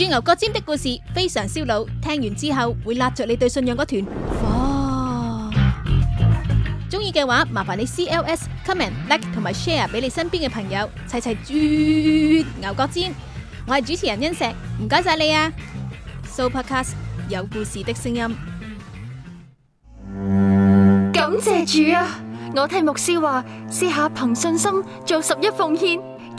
鑽牛角尖的故事非常燒腦，聽完之後會拉著你對信仰嗰團火。中意嘅話，麻煩你 CLS、comment、like 同埋 share 俾你身邊嘅朋友，齊齊鑽牛角尖。我係主持人欣石，唔該晒你啊！Sooopodcast 有故事的聲音，感謝主啊！我聽牧師話，試下憑信心做十一奉獻。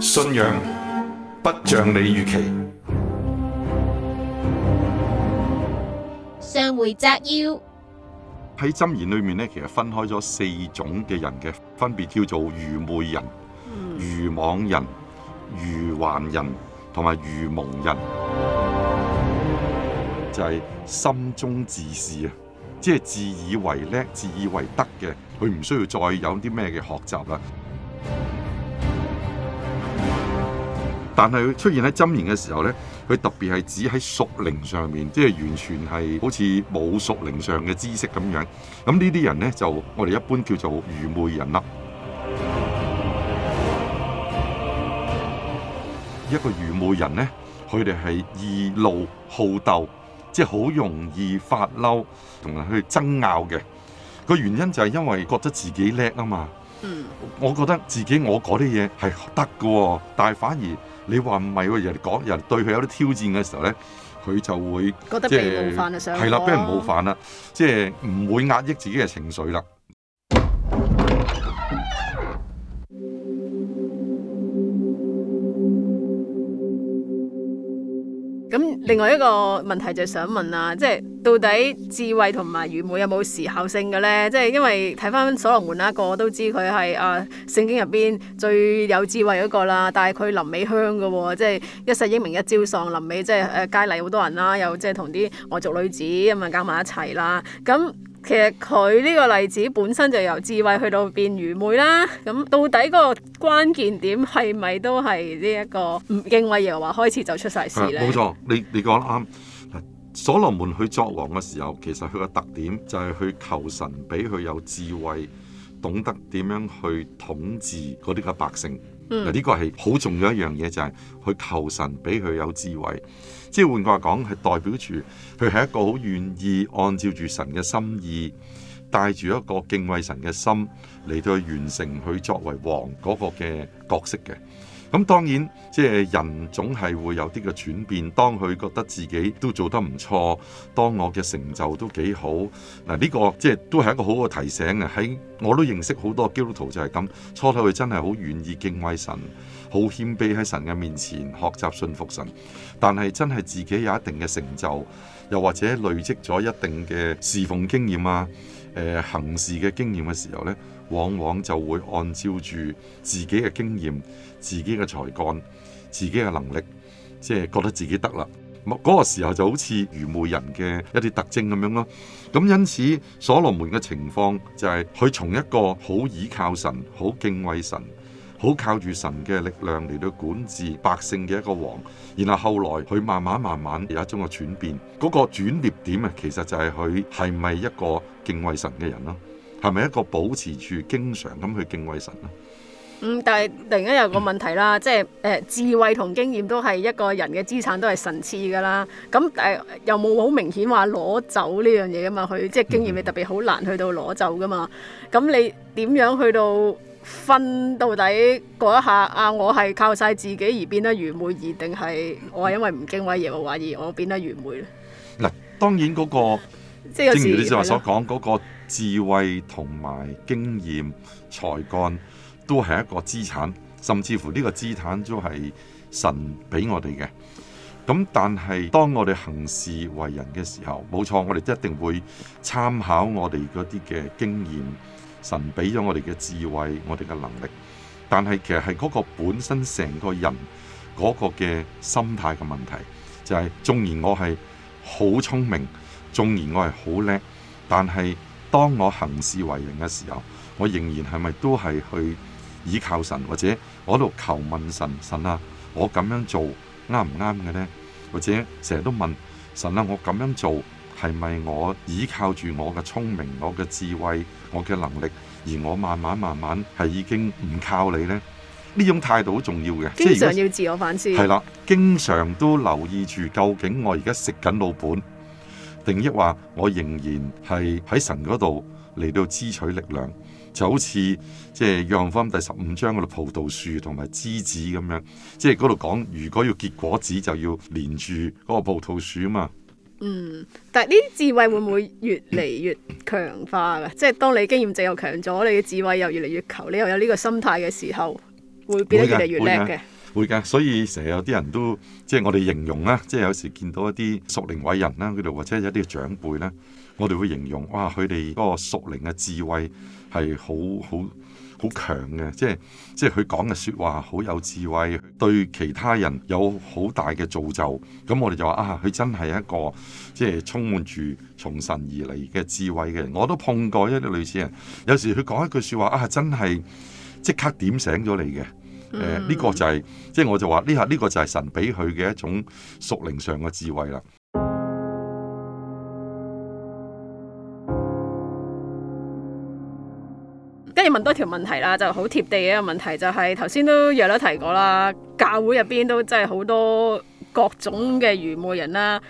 信仰不像你預期。上回摘要喺《箴言》裏面咧，其實分開咗四種嘅人嘅，分別叫做愚昧人、嗯、愚妄人、愚頑人同埋愚，愚蒙人，就係、是、心中自是啊，即、就、係、是、自以為叻、自以為得嘅，佢唔需要再有啲咩嘅學習啦。但係出現喺箴言嘅時候呢，佢特別係指喺屬靈上面，即係完全係好似冇屬靈上嘅知識咁樣。咁呢啲人呢，就我哋一般叫做愚昧人啦。 一個愚昧人呢，佢哋係易怒好鬥，即係好容易發嬲，同埋去爭拗嘅個原因就係因為覺得自己叻啊嘛。嗯，我覺得自己我講啲嘢係得㗎，但係反而你話唔係喎，人哋講人對佢有啲挑戰嘅時候咧，佢就會覺得被冒犯係啦，俾人冒犯啦，啊、即係唔會壓抑自己嘅情緒啦。另外一個問題就係想問啊，即係到底智慧同埋愚昧有冇時效性嘅咧？即係因為睇翻所羅門嗱個，我都知佢係啊聖經入邊最有智慧嗰個啦。但係佢臨尾香嘅喎，即係一世英明一朝喪，臨尾即係誒佳麗好多人啦，又即係同啲外族女子咁啊搞埋一齊啦，咁。其實佢呢個例子本身就由智慧去到變愚昧啦。咁到底個關鍵點係咪都係呢一個唔敬畏耶和華開始就出晒事咧？冇錯，你你講得啱。嗱，所羅門去作王嘅時候，其實佢個特點就係去求神俾佢有智慧，懂得點樣去統治嗰啲嘅百姓。嗱、嗯，呢個係好重要一樣嘢，就係、是、去求神俾佢有智慧。即係換句話講，係代表住佢係一個好願意按照住神嘅心意，帶住一個敬畏神嘅心嚟到去完成佢作為王嗰個嘅角色嘅。咁當然，即係人總係會有啲嘅轉變。當佢覺得自己都做得唔錯，當我嘅成就都幾好嗱，呢個即係都係一個好嘅提醒嘅。喺我都認識好多基督徒就係咁，初頭佢真係好願意敬畏神。好謙卑喺神嘅面前學習信服神，但係真係自己有一定嘅成就，又或者累積咗一定嘅侍奉經驗啊，誒、呃、行事嘅經驗嘅時候呢，往往就會按照住自己嘅經驗、自己嘅才幹、自己嘅能力，即係覺得自己得啦。嗰、那個時候就好似愚昧人嘅一啲特徵咁樣咯。咁因此，所羅門嘅情況就係佢從一個好倚靠神、好敬畏神。好靠住神嘅力量嚟到管治百姓嘅一個王，然後後來佢慢慢慢慢有一種嘅轉變，嗰個轉捩點啊，其實就係佢係咪一個敬畏神嘅人咯，係咪一個保持住經常咁去敬畏神咯？嗯，但係突然間有個問題啦，即係誒智慧同經驗都係一個人嘅資產，都係神賜噶啦。咁誒、呃、又冇好明顯話攞走呢樣嘢噶嘛？佢即係經驗，你特別好難去到攞走噶嘛？咁你點樣去到？分到底嗰一下啊，我係靠晒自己而變得愚昧，而定係我係因為唔敬畏耶和華而懷疑我變得愚昧咧？嗱，當然嗰、那個，個正如你話所講，嗰的個智慧同埋經驗、才幹都係一個資產，甚至乎呢個資產都係神俾我哋嘅。咁但係當我哋行事為人嘅時候，冇錯，我哋一定會參考我哋嗰啲嘅經驗。神畀咗我哋嘅智慧，我哋嘅能力，但係其實係嗰個本身成個人嗰個嘅心態嘅問題，就係、是、縱然我係好聰明，縱然我係好叻，但係當我行事為人嘅時候，我仍然係咪都係去倚靠神，或者我度求問神，神啊，我咁樣做啱唔啱嘅咧？或者成日都問神啊，我咁樣做？係咪我依靠住我嘅聰明、我嘅智慧、我嘅能力，而我慢慢慢慢係已經唔靠你呢？呢種態度好重要嘅，經常要自我反思。係啦，經常都留意住究竟我而家食緊老本，定抑話我仍然係喺神嗰度嚟到支取力量，就好似即係約翰福音第十五章嗰度葡萄樹同埋枝子咁樣，即係嗰度講如果要結果子就要連住嗰個葡萄樹啊嘛。嗯，但係呢啲智慧會唔會越嚟越強化噶？ 即係當你經驗值又強咗，你嘅智慧又越嚟越強，你又有呢個心態嘅時候，會變得越嚟越叻嘅？會噶，所以成日有啲人都即係我哋形容啦，即係有時見到一啲熟齡偉人啦，佢哋或者一啲長輩咧，我哋會形容哇，佢哋嗰個熟齡嘅智慧係好好，好強嘅，即係即係佢講嘅説話好有智慧，對其他人有好大嘅造就。咁我哋就話啊，佢真係一個即係充滿住從神而嚟嘅智慧嘅人。我都碰過一啲類似人，有時佢講一句説話啊，真係即刻點醒咗你嘅。誒、呃，呢、mm. 個就係、是、即係我就話呢下呢個就係神俾佢嘅一種屬靈上嘅智慧啦。多條問，問題啦，就好貼地嘅一個問題就係頭先都約啦提過啦，教會入邊都真係好多各種嘅愚昧人啦，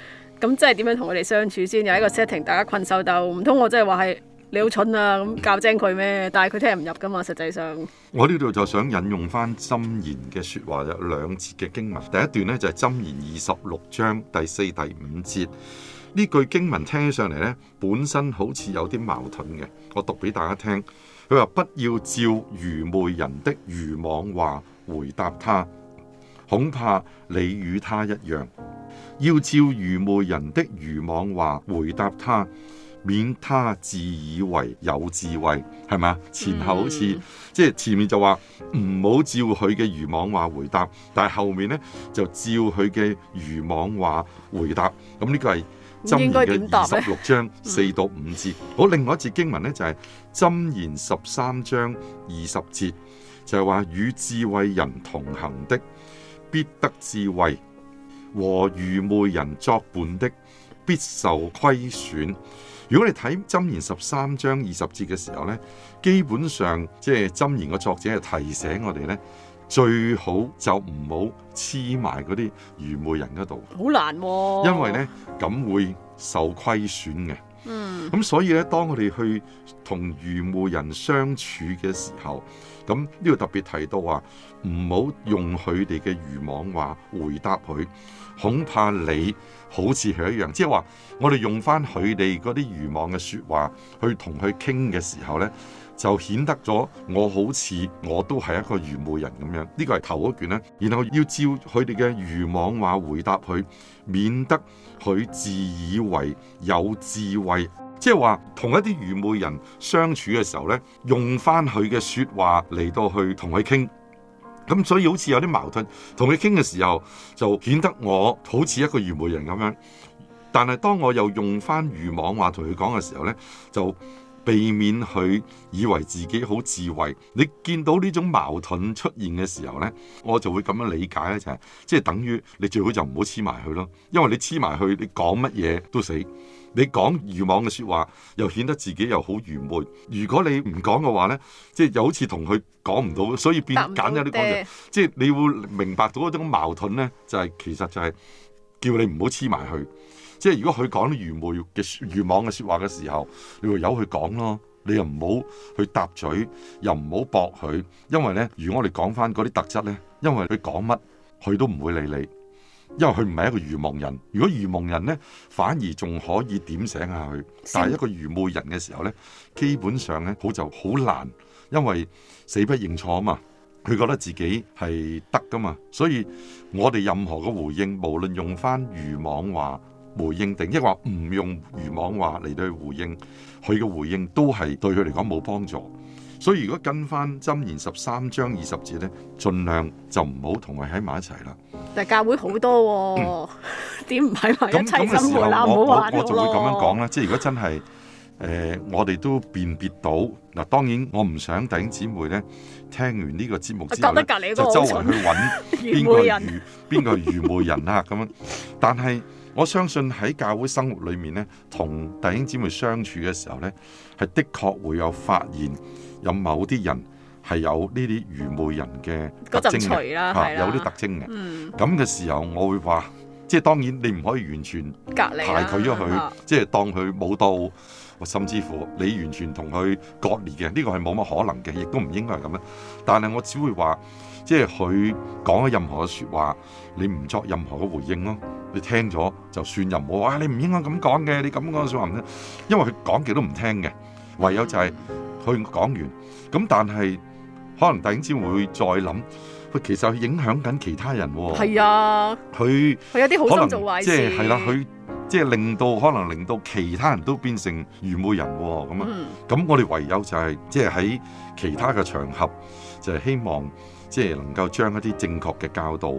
咁即係點樣同佢哋相處先？有一個 setting，大家困獸鬥，唔通我真係話係你好蠢啊？咁教精佢咩？但係佢聽唔入噶嘛？實際上，我呢度就想引用翻《箴言》嘅說話有兩節嘅經文，第一段呢就係、是《箴言》二十六章第四、第五節。呢句經文聽起上嚟呢，本身好似有啲矛盾嘅，我讀俾大家聽。佢話：不要照愚昧人的愚妄話回答他，恐怕你與他一樣；要照愚昧人的愚妄話回答他，免他自以為有智慧，係咪？前後好似、嗯、即係前面就話唔好照佢嘅愚妄話回答，但係後面咧就照佢嘅愚妄話回答，咁呢個係。箴言嘅二十六章四到五節，節嗯、好另外一節經文咧就係箴言十三章二十節，就係話，與智慧人同行的必得智慧，和愚昧人作伴的必受虧損。如果你睇箴言十三章二十節嘅時候咧，基本上即係箴言嘅作者係提醒我哋咧。最好就唔好黐埋嗰啲愚昧人嗰度，好難、哦，因為咧咁會受虧損嘅。嗯。咁、嗯、所以咧，當我哋去同愚昧人相處嘅時候，咁呢度特別提到話，唔好用佢哋嘅愚妄話回答佢，恐怕你好似佢一樣，即係話，我哋用翻佢哋嗰啲愚妄嘅說話去同佢傾嘅時候咧。就顯得咗我好似我都係一個愚昧人咁樣，呢個係頭一卷咧。然後要照佢哋嘅愚妄話回答佢，免得佢自以為有智慧。即係話同一啲愚昧人相處嘅時候呢，用翻佢嘅説話嚟到去同佢傾。咁所以好似有啲矛盾。同佢傾嘅時候就顯得我好似一個愚昧人咁樣。但係當我又用翻愚妄話同佢講嘅時候呢，就。避免佢以為自己好智慧。你見到呢種矛盾出現嘅時候呢，我就會咁樣理解呢，就係即係等於你最好就唔好黐埋佢咯。因為你黐埋佢，你講乜嘢都死。你講愚妄嘅説話，又顯得自己又好愚昧。如果你唔講嘅話呢，即係又好似同佢講唔到，所以變簡一啲講嘢。即係你會明白到一種矛盾呢，就係其實就係叫你唔好黐埋去。即係如果佢講啲愚昧嘅愚妄嘅説話嘅時候，你唯有由佢講咯。你又唔好去答嘴，又唔好駁佢，因為呢，如果我哋講翻嗰啲特質呢，因為佢講乜，佢都唔會理你，因為佢唔係一個愚妄人。如果愚妄人呢，反而仲可以點醒下佢。但係一個愚昧人嘅時候呢，基本上呢，好就好難，因為死不認錯啊嘛。佢覺得自己係得噶嘛，所以我哋任何嘅回應，無論用翻愚妄話，回應定，亦話唔用愚妄話嚟對回應，佢嘅回應都係對佢嚟講冇幫助。所以如果跟翻《箴言》十三章二十節咧，盡量就唔好同佢喺埋一齊啦。但教會好多、哦，點唔喺埋一齊？姊妹啊，好話我我,我就會咁樣講啦。即係如果真係，誒、呃，我哋都辨別到嗱。當然，我唔想弟兄姊妹咧聽完呢個節目之後，隔就周圍去揾邊 人個愚邊個,個愚昧人啦。咁樣，但係。我相信喺教會生活裏面咧，同弟兄姊妹相處嘅時候咧，係的確會有發現有某啲人係有呢啲愚昧人嘅特徵，有啲特徵嘅。咁嘅、嗯、時候，我會話，即係當然你唔可以完全排除咗佢，啊、即係當佢冇到。甚至乎你完全同佢割裂嘅呢個係冇乜可能嘅，亦都唔應該係咁啦。但係我只會話，即係佢講咗任何嘅説話，你唔作任何嘅回應咯。你聽咗就算，又冇。哇！你唔應該咁講嘅，你咁講嘅説話唔得，因為佢講極都唔聽嘅。唯有就係佢講完，咁但係可能突然之間會再諗。佢，其實佢影響緊其他人喎。係啊，佢佢有啲好心做壞事，係啦，佢。即係令到可能令到其他人都變成愚昧人喎。哦，咁啊，咁、mm. 我哋唯有就係即係喺其他嘅場合，就係、是、希望即係、就是、能夠將一啲正確嘅教導、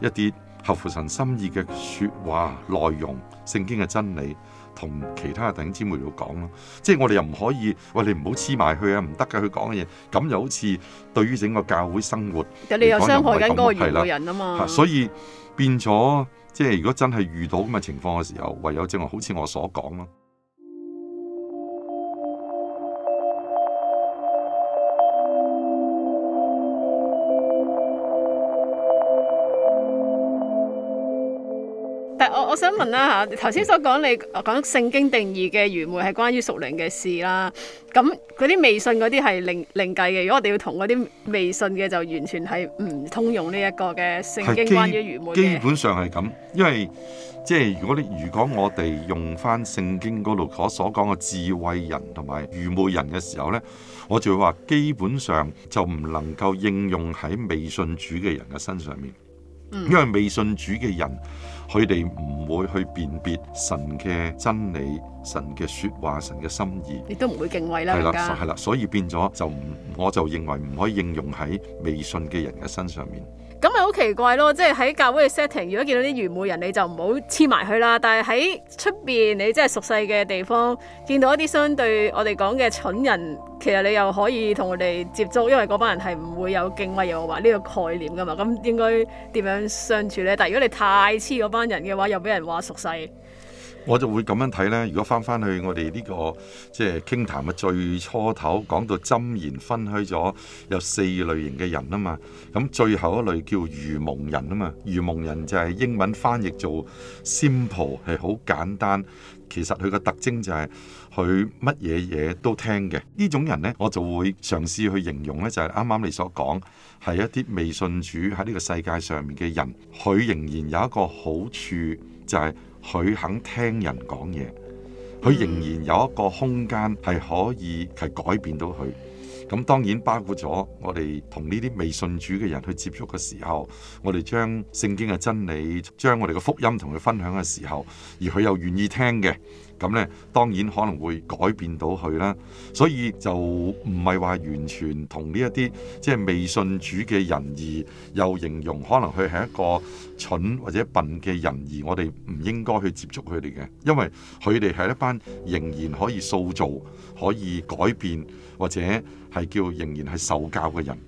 一啲合乎神心意嘅説話內容、聖經嘅真理，同其他嘅弟兄姊妹講咯。即係我哋又唔可以喂，你唔好黐埋去啊，唔得㗎佢講嘅嘢，咁又好似對於整個教會生活，你又傷害緊嗰個愚昧人啊嘛，所以變咗。即係如果真係遇到咁嘅情況嘅時候，唯有正話好似我所講咯。啦吓，頭先所講，你講聖經定義嘅愚昧係關於屬靈嘅事啦，咁嗰啲未信嗰啲係另另計嘅。如果我哋要同嗰啲未信嘅，就完全係唔通用呢一個嘅聖經關於愚昧基，基本上係咁，因為即係如果你如果我哋用翻聖經嗰度所所講嘅智慧人同埋愚昧人嘅時候呢，我就會話基本上就唔能夠應用喺未信主嘅人嘅身上面，因為未信主嘅人。嗯佢哋唔會去辨別神嘅真理、神嘅説話、神嘅心意，你都唔會敬畏啦。係啦的，係啦家，所以變咗就唔，我就認為唔可以應用喺未信嘅人嘅身上面。好奇怪咯，即係喺教會嘅 setting，如果見到啲愚昧人，你就唔好黐埋去啦。但係喺出邊，你即係熟細嘅地方，見到一啲相對我哋講嘅蠢人，其實你又可以同佢哋接觸，因為嗰班人係唔會有敬畏又我話呢個概念噶嘛。咁應該點樣相處呢？但係如果你太黐嗰班人嘅話，又俾人話熟細。我就會咁樣睇呢。如果翻翻去我哋呢個即係傾談嘅最初頭，講到箴言分開咗有四類型嘅人啊嘛。咁最後一類叫愚蒙人啊嘛。愚蒙人就係英文翻譯做 simple，係好簡單。其實佢個特徵就係佢乜嘢嘢都聽嘅。呢種人呢，我就會嘗試去形容呢，就係啱啱你所講係一啲未信主喺呢個世界上面嘅人。佢仍然有一個好處，就係、是。佢肯聽人講嘢，佢仍然有一個空間係可以係改變到佢。咁當然包括咗我哋同呢啲未信主嘅人去接觸嘅時候，我哋將聖經嘅真理、將我哋嘅福音同佢分享嘅時候，而佢又願意聽嘅。咁咧，當然可能會改變到佢啦，所以就唔係話完全同呢一啲即係未信主嘅人，而又形容可能佢係一個蠢或者笨嘅人，而我哋唔應該去接觸佢哋嘅，因為佢哋係一班仍然可以塑造、可以改變或者係叫仍然係受教嘅人。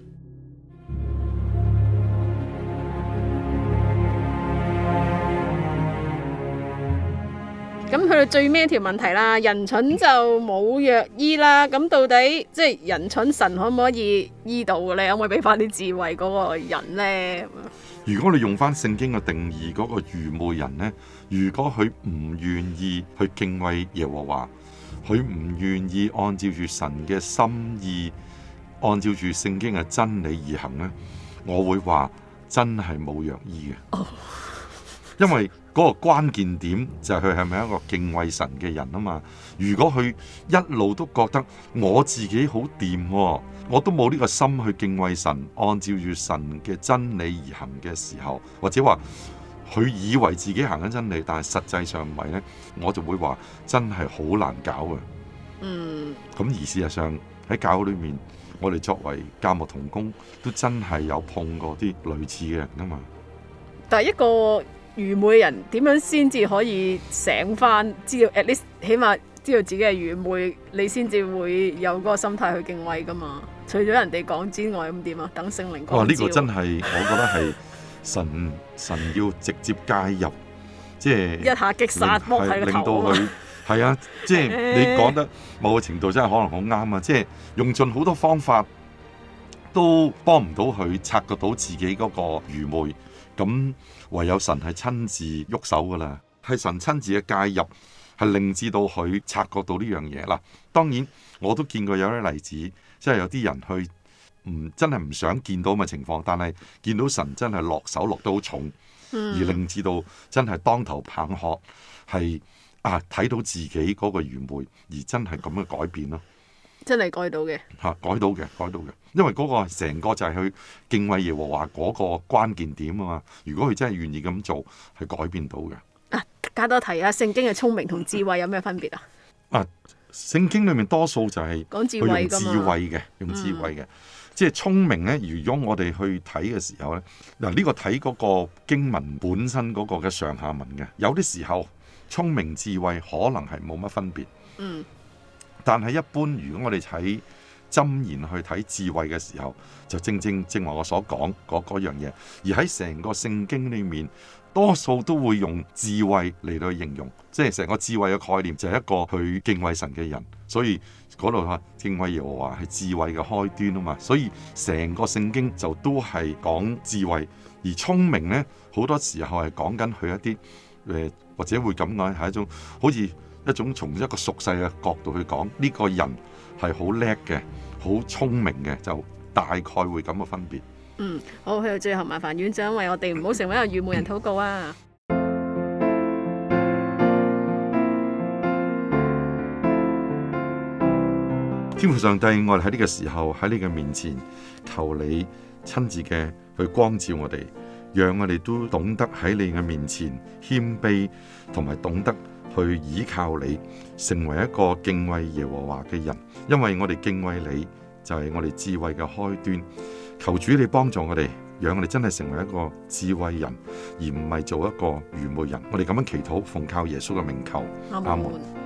咁去到最尾一條問題啦。人蠢就冇藥醫啦。咁到底即係人蠢，神可唔可以醫到嘅咧？你可唔可以俾翻啲智慧嗰個人咧？如果你用翻聖經嘅定義，嗰個愚昧人咧，如果佢唔願意去敬畏耶和華，佢唔願意按照住神嘅心意，按照住聖經嘅真理而行咧，我會話真係冇藥醫嘅，oh. 因為。嗰個關鍵點就係佢係咪一個敬畏神嘅人啊嘛？如果佢一路都覺得我自己好掂，哦，我都冇呢個心去敬畏神，按照住神嘅真理而行嘅時候，或者話佢以為自己行緊真理，但係實際上唔係呢，我就會話真係好難搞嘅。嗯，咁而事實上喺教會裏面，我哋作為教牧同工，都真係有碰過啲類似嘅人啊嘛。第一個。愚昧人點樣先至可以醒翻？知道 at least，起碼知道自己係愚昧，你先至會有嗰個心態去敬畏噶嘛？除咗人哋講之外，咁點啊？等聖靈光照。呢、哦這個真係，我覺得係神 神要直接介入，即係一下擊殺，令到佢！係、就、啊、是，即係 你講得某個程度真係可能好啱啊！即、就、係、是、用盡好多方法都幫唔到佢察覺到自己嗰個愚昧。咁唯有神係親自喐手噶啦，係神親自嘅介入，係令至到佢察覺到呢樣嘢。嗱，當然我都見過有啲例子，即係有啲人去唔真係唔想見到咁嘅情況，但係見到神真係落手落得好重，而令至到真係當頭棒喝，係啊，睇到自己嗰個愚昧，而真係咁嘅改變咯。真係改到嘅，吓改到嘅，改到嘅，因為嗰個成個就係佢敬畏耶和華嗰個關鍵點啊嘛。如果佢真係願意咁做，係改變到嘅。啊，加多提啊，聖經嘅聰明同智慧有咩分別啊？啊，聖經裏面多數就係講智慧嘅，用智慧嘅，用智慧嘅，嗯、即係聰明咧。如果我哋去睇嘅時候咧，嗱，呢個睇嗰個經文本身嗰個嘅上下文嘅，有啲時候聰明智慧可能係冇乜分別。嗯。但係一般，如果我哋睇箴言去睇智慧嘅時候，就正正正話我所講嗰嗰樣嘢。而喺成個聖經裏面，多數都會用智慧嚟到形容，即係成個智慧嘅概念就係一個去敬畏神嘅人。所以嗰度話敬畏耶和華係智慧嘅開端啊嘛。所以成個聖經就都係講智慧，而聰明呢，好多時候係講緊佢一啲誒，或者會咁講，係一種好似。一種從一個熟悉嘅角度去講，呢、這個人係好叻嘅，好聰明嘅，就大概會咁嘅分別。嗯，好，去到最後，麻煩院長為我哋唔好成為一個愚昧人禱告啊！天父上帝，我哋喺呢個時候喺你嘅面前，求你親自嘅去光照我哋，讓我哋都懂得喺你嘅面前謙卑，同埋懂得。去倚靠你，成為一個敬畏耶和華嘅人，因為我哋敬畏你，就係我哋智慧嘅開端。求主你幫助我哋，讓我哋真係成為一個智慧人，而唔係做一個愚昧人。我哋咁樣祈禱，奉靠耶穌嘅名求。阿門。阿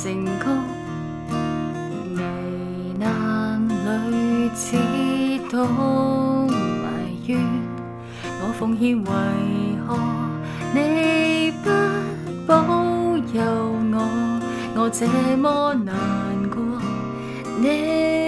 成功危難裏，只懂埋怨。我奉獻，為何你不保佑我？我這麼難過，你。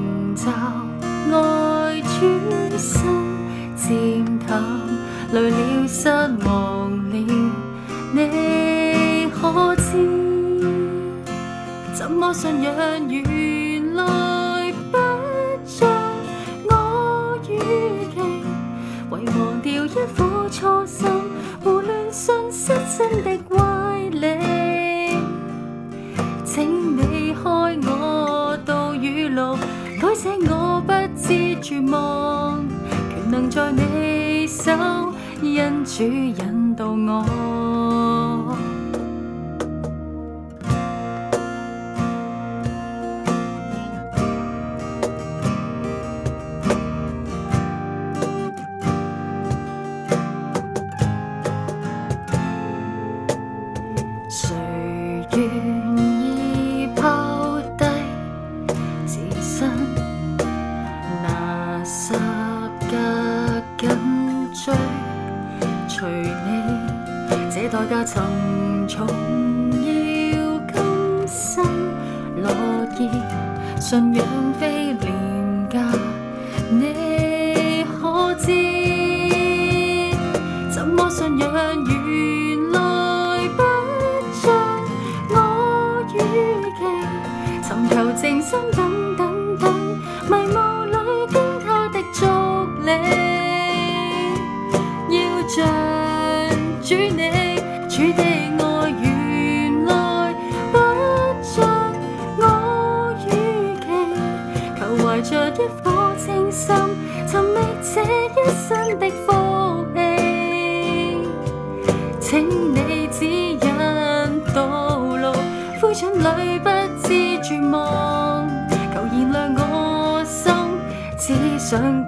因主引導我。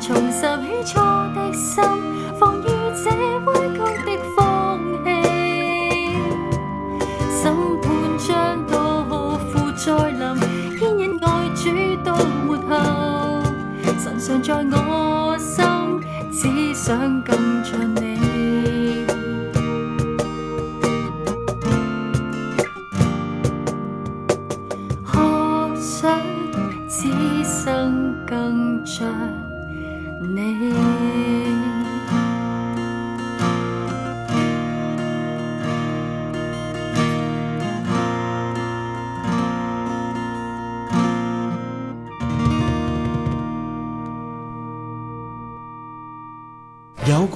重拾起初的心，防于的放於這危急的風氣。審判將到，負再臨，牽引愛主到末後。神常在我心，只想更像你。